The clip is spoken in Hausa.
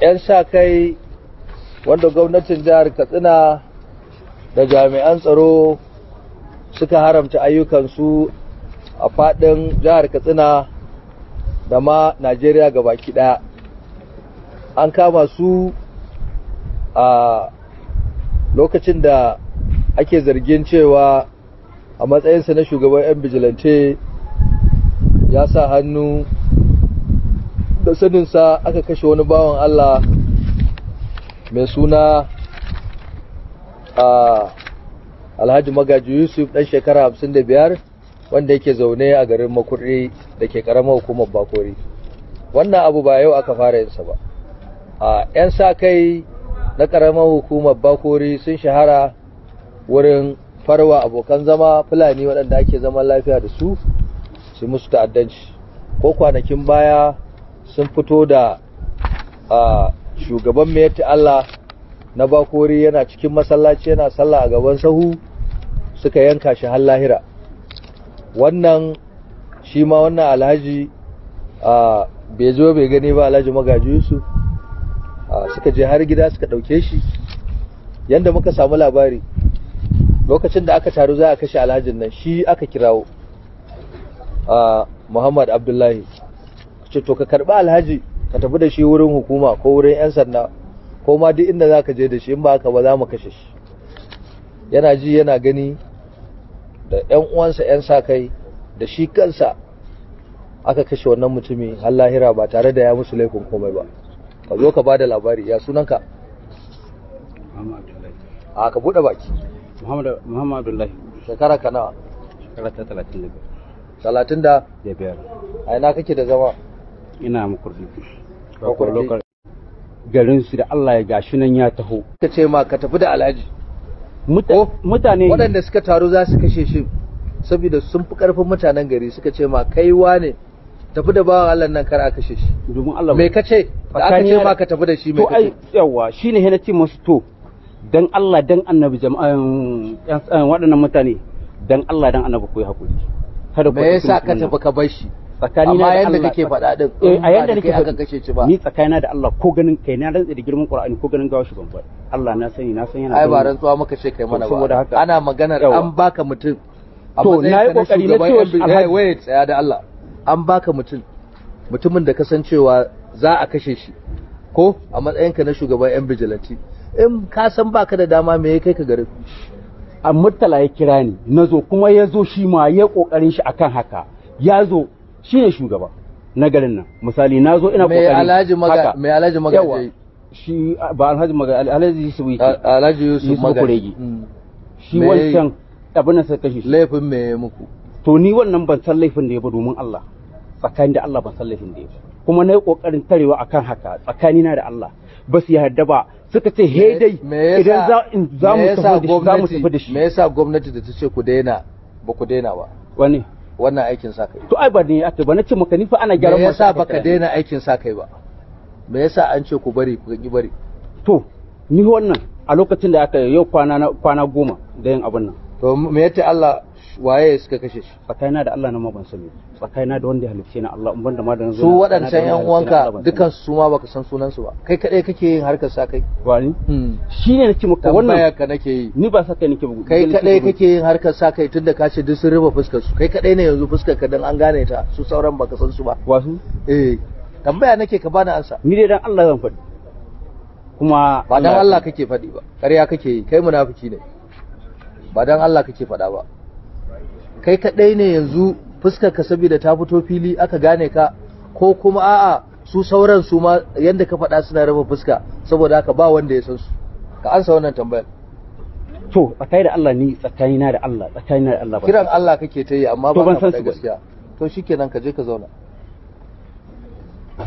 'yan sa kai wanda gwamnatin jihar katsina da jami'an tsaro suka haramta ayyukansu a fadin jihar katsina da ma najeriya baki ɗaya an kama su a lokacin da ake zargin cewa a matsayinsa na shugaban 'yan bijilance ya sa hannu da saninsa aka kashe wani bawan Allah mai suna a alhaji magaji yusuf ɗan shekara 55 wanda yake zaune a garin makurri da ke ƙaramar hukumar bakori wannan abu ba yau aka fara yinsa ba a 'yan sa kai na ƙaramar hukumar bakori sun shahara wurin farwa abokan zama fulani waɗanda ake zaman lafiya da su su musu ta'addanci ko kwanakin baya sun fito da shugaban mai Allah na bakori yana cikin masallaci yana sallah a gaban sahu suka yanka shi har lahira wannan shi ma wannan alhaji bai zo bai gani ba alhaji magaji yusuf suka je har gida suka ɗauke shi yadda muka samu labari lokacin da aka taru za a kashe alhajin nan shi aka kirawo a muhammad abdullahi ce to ka karɓi alhaji ka tafi da shi wurin hukuma ko wurin yan sanda ko ma duk inda zaka je da shi in ba ka ba za mu kashe shi yana ji yana gani da yan uwansa yan sa kai da shi kansa aka kashe wannan mutumi har lahira ba tare da ya musu laifin komai ba ka zo ka bada labari ya sunan ka. a ka bude baki muhammad abdullahi shekara ka nawa shekara ta talatin da biyar talatin da biyar a ina kake da zama ina makurdi garin su da Allah ya gashi nan ya taho ka ce ma ka tafi da alhaji oh, mutane waɗanda suka taru za su kashe shi saboda sun fi karfin mutanen gari suka ce ma kai wane tafi da bawan Allah nan kar a kashe shi domin Allah me ka ce da aka ce ma ka tafi da shi me ka ce yawa shine he na ce musu to dan Allah dan annabi jama'an eh, waɗannan mutane dan Allah dan annabi ku yi hakuri kada ku me yasa ka tafi ka bar shi tsakani na yadda kake faɗa din eh, a nake aka kashe ci ba ni tsakanina da Allah ko ganin kai na rantsa da girman Qur'ani ko ganin gawa ban faɗi Allah na sani na san yana ai ba rantsuwa muka ce kai mana ba ana maganar an baka mutum to na kokari na cewa tsaya da Allah an baka mutum mutumin da kasancewa za a kashe shi ko a matsayinka na shugaban yan bijilanti in ka san baka da dama me ya kai ka garin a murtala ya kira ni na zo kuma ya zo shi ma ya kokarin shi akan haka ya zo shi ne shugaba na garin nan misali na zo ina kokari mai alhaji magaji shi ba alhaji magaji alhaji yusuf alhaji yusuf magaji mm. shi wancan abin sai kashi laifin me muku to ni wannan ban san laifin da ya ba domin Allah tsakanin da Allah ban san laifin da ya ba kuma na yi kokarin tarewa akan haka tsakanina da Allah ba su yarda ba suka ce he dai idan za mu tafi da shi me yasa gwamnati da ta ce ku daina ba ku daina ba wani wannan aikin sa kai to ai ba ne ake ba na ce maka ni fa ana gyaran masa me yasa baka daina aikin sa kai ba me yasa an ce ku bari ku ki bari to ni wannan a lokacin da aka yau kwana kwana goma da yin abin nan to me yace Allah waye suka kashe shi tsakaina da Allah na ma ban sani tsakaina da wanda halicce na Allah da ma da su waɗancan yan uwanka dukan su ma baka san sunan su ba kai kadai kake yin harkar sa kai wani hmm. shine nake maka wannan ka nake yi ni ba saka nake bugu kai kadai kake yin harkar sa kai tunda ka ce duk sun ruba fuskar su kai kadai ne yanzu fuskar ka dan an gane ta su sauran baka san su ba wasu eh tambaya nake ka bani ansa ni dai dan Allah zan faɗi kuma ba dan Allah kake faɗi ba ƙarya kake yi kai munafiki ne ba dan Allah kake faɗa ba kai kaɗai ne yanzu fuskar ka saboda ta fito fili aka gane ka ko kuma a'a su sauran su ma yadda ka faɗa suna raba fuska saboda haka ba wanda ya san su ka ansa wannan tambayar to tsakani da Allah ni tsakani na da Allah tsakani na da Allah kiran Allah kake ta yi amma ba ka faɗa gaskiya to shikenan ka je ka zauna